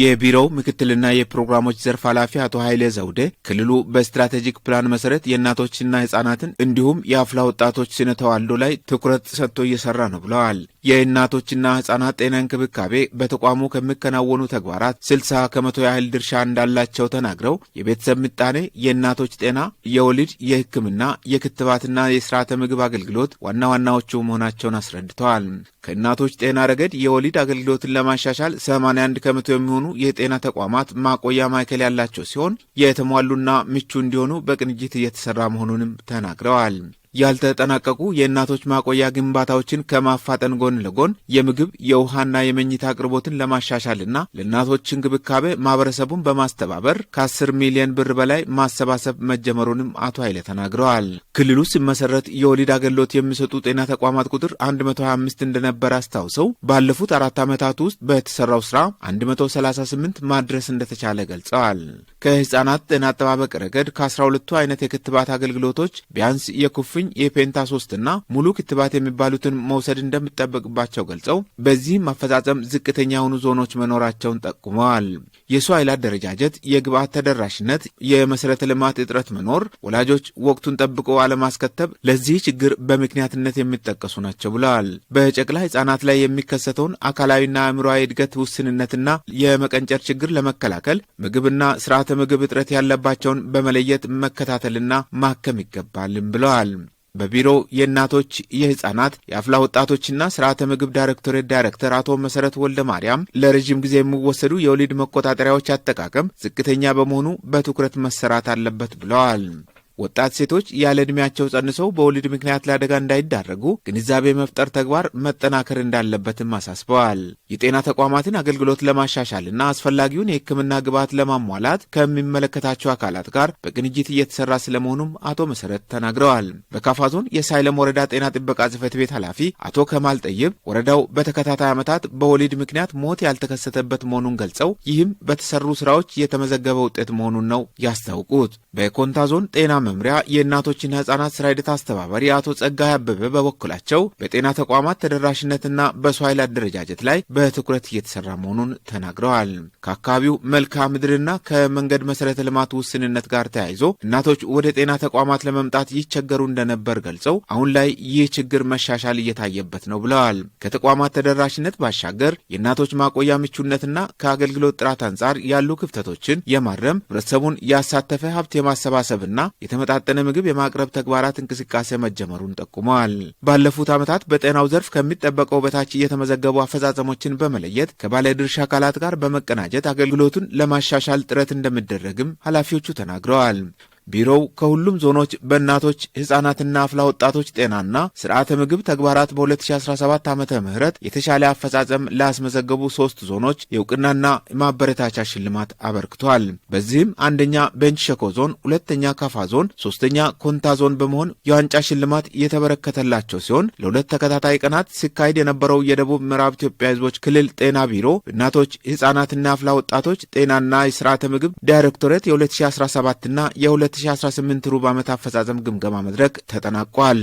የቢሮው ምክትልና የፕሮግራሞች ዘርፍ ኃላፊ አቶ ኃይሌ ዘውዴ ክልሉ በስትራቴጂክ ፕላን መሰረት የእናቶችና ህጻናትን እንዲሁም የአፍላ ወጣቶች ስነ ተዋልዶ ላይ ትኩረት ሰጥቶ እየሰራ ነው ብለዋል። የእናቶችና ህጻናት ጤና እንክብካቤ በተቋሙ ከሚከናወኑ ተግባራት ስልሳ ከመቶ ያህል ድርሻ እንዳላቸው ተናግረው የቤተሰብ ምጣኔ፣ የእናቶች ጤና፣ የወሊድ፣ የህክምና፣ የክትባትና የስርዓተ ምግብ አገልግሎት ዋና ዋናዎቹ መሆናቸውን አስረድተዋል። ከእናቶች ጤና ረገድ የወሊድ አገልግሎትን ለማሻሻል 81 ከመቶ የሚሆኑ የጤና ተቋማት ማቆያ ማዕከል ያላቸው ሲሆን የተሟሉና ምቹ እንዲሆኑ በቅንጅት እየተሰራ መሆኑንም ተናግረዋል። ያልተጠናቀቁ የእናቶች ማቆያ ግንባታዎችን ከማፋጠን ጎን ለጎን የምግብ የውሃና የመኝታ አቅርቦትን ለማሻሻልና ለእናቶች እንክብካቤ ማህበረሰቡን በማስተባበር ከ10 ሚሊዮን ብር በላይ ማሰባሰብ መጀመሩንም አቶ ኃይለ ተናግረዋል። ክልሉ ሲመሰረት የወሊድ አገልግሎት የሚሰጡ ጤና ተቋማት ቁጥር 125 እንደነበረ አስታውሰው ባለፉት አራት ዓመታት ውስጥ በተሰራው ስራ 138 ማድረስ እንደተቻለ ገልጸዋል። ከህፃናት ጤና አጠባበቅ ረገድ ከ12ቱ አይነት የክትባት አገልግሎቶች ቢያንስ የኩፍ ኩፍኝ፣ የፔንታ ሶስት እና ሙሉ ክትባት የሚባሉትን መውሰድ እንደሚጠበቅባቸው ገልጸው በዚህም አፈጻጸም ዝቅተኛ የሆኑ ዞኖች መኖራቸውን ጠቁመዋል። የሰው ኃይል አደረጃጀት፣ የግብአት ተደራሽነት፣ የመሰረተ ልማት እጥረት መኖር፣ ወላጆች ወቅቱን ጠብቆ አለማስከተብ ለዚህ ችግር በምክንያትነት የሚጠቀሱ ናቸው ብለዋል። በጨቅላ ህጻናት ላይ የሚከሰተውን አካላዊና አእምሯዊ እድገት ውስንነትና የመቀንጨር ችግር ለመከላከል ምግብና ስርዓተ ምግብ እጥረት ያለባቸውን በመለየት መከታተልና ማከም ይገባልም ብለዋል። በቢሮው የእናቶች የህፃናት የአፍላ ወጣቶችና ስርዓተ ምግብ ዳይሬክቶሬት ዳይሬክተር አቶ መሰረት ወልደ ማርያም ለረዥም ጊዜ የሚወሰዱ የወሊድ መቆጣጠሪያዎች አጠቃቀም ዝቅተኛ በመሆኑ በትኩረት መሰራት አለበት ብለዋል። ወጣት ሴቶች ያለ ዕድሜያቸው ጸንሰው በወሊድ ምክንያት ለአደጋ እንዳይዳረጉ ግንዛቤ መፍጠር ተግባር መጠናከር እንዳለበትም አሳስበዋል። የጤና ተቋማትን አገልግሎት ለማሻሻልና አስፈላጊውን የሕክምና ግብዓት ለማሟላት ከሚመለከታቸው አካላት ጋር በቅንጅት እየተሰራ ስለመሆኑም አቶ መሰረት ተናግረዋል። በካፋ ዞን የሳይለም ወረዳ ጤና ጥበቃ ጽሕፈት ቤት ኃላፊ አቶ ከማል ጠይብ ወረዳው በተከታታይ ዓመታት በወሊድ ምክንያት ሞት ያልተከሰተበት መሆኑን ገልጸው ይህም በተሰሩ ስራዎች የተመዘገበ ውጤት መሆኑን ነው ያስታውቁት። በኮንታ ዞን ጤና መምሪያ የእናቶችና ህጻናት ስራ ሂደት አስተባባሪ አቶ ጸጋይ አበበ በበኩላቸው በጤና ተቋማት ተደራሽነትና በሰው ኃይል አደረጃጀት ላይ በትኩረት እየተሰራ መሆኑን ተናግረዋል። ከአካባቢው መልክዓ ምድርና ከመንገድ መሰረተ ልማት ውስንነት ጋር ተያይዞ እናቶች ወደ ጤና ተቋማት ለመምጣት ይቸገሩ እንደነበር ገልጸው አሁን ላይ ይህ ችግር መሻሻል እየታየበት ነው ብለዋል። ከተቋማት ተደራሽነት ባሻገር የእናቶች ማቆያ ምቹነትና ከአገልግሎት ጥራት አንጻር ያሉ ክፍተቶችን የማረም ህብረተሰቡን ያሳተፈ ሀብት የማሰባሰብና የተመጣጠነ ምግብ የማቅረብ ተግባራት እንቅስቃሴ መጀመሩን ጠቁመዋል። ባለፉት ዓመታት በጤናው ዘርፍ ከሚጠበቀው በታች እየተመዘገቡ አፈጻጸሞችን በመለየት ከባለድርሻ አካላት ጋር በመቀናጀት አገልግሎቱን ለማሻሻል ጥረት እንደሚደረግም ኃላፊዎቹ ተናግረዋል። ቢሮው ከሁሉም ዞኖች በእናቶች ሕፃናትና አፍላ ወጣቶች ጤናና ስርዓተ ምግብ ተግባራት በ2017 ዓ ም የተሻለ አፈጻጸም ላስመዘገቡ ሶስት ዞኖች የእውቅናና ማበረታቻ ሽልማት አበርክቷል። በዚህም አንደኛ ቤንች ሸኮ ዞን፣ ሁለተኛ ካፋ ዞን፣ ሶስተኛ ኮንታ ዞን በመሆን የዋንጫ ሽልማት እየተበረከተላቸው ሲሆን ለሁለት ተከታታይ ቀናት ሲካሄድ የነበረው የደቡብ ምዕራብ ኢትዮጵያ ህዝቦች ክልል ጤና ቢሮ እናቶች ሕፃናትና አፍላ ወጣቶች ጤናና የስርዓተ ምግብ ዳይሬክቶሬት የ2017ና የ 2018 ሩብ ዓመት አፈጻጸም ግምገማ መድረክ ተጠናቋል።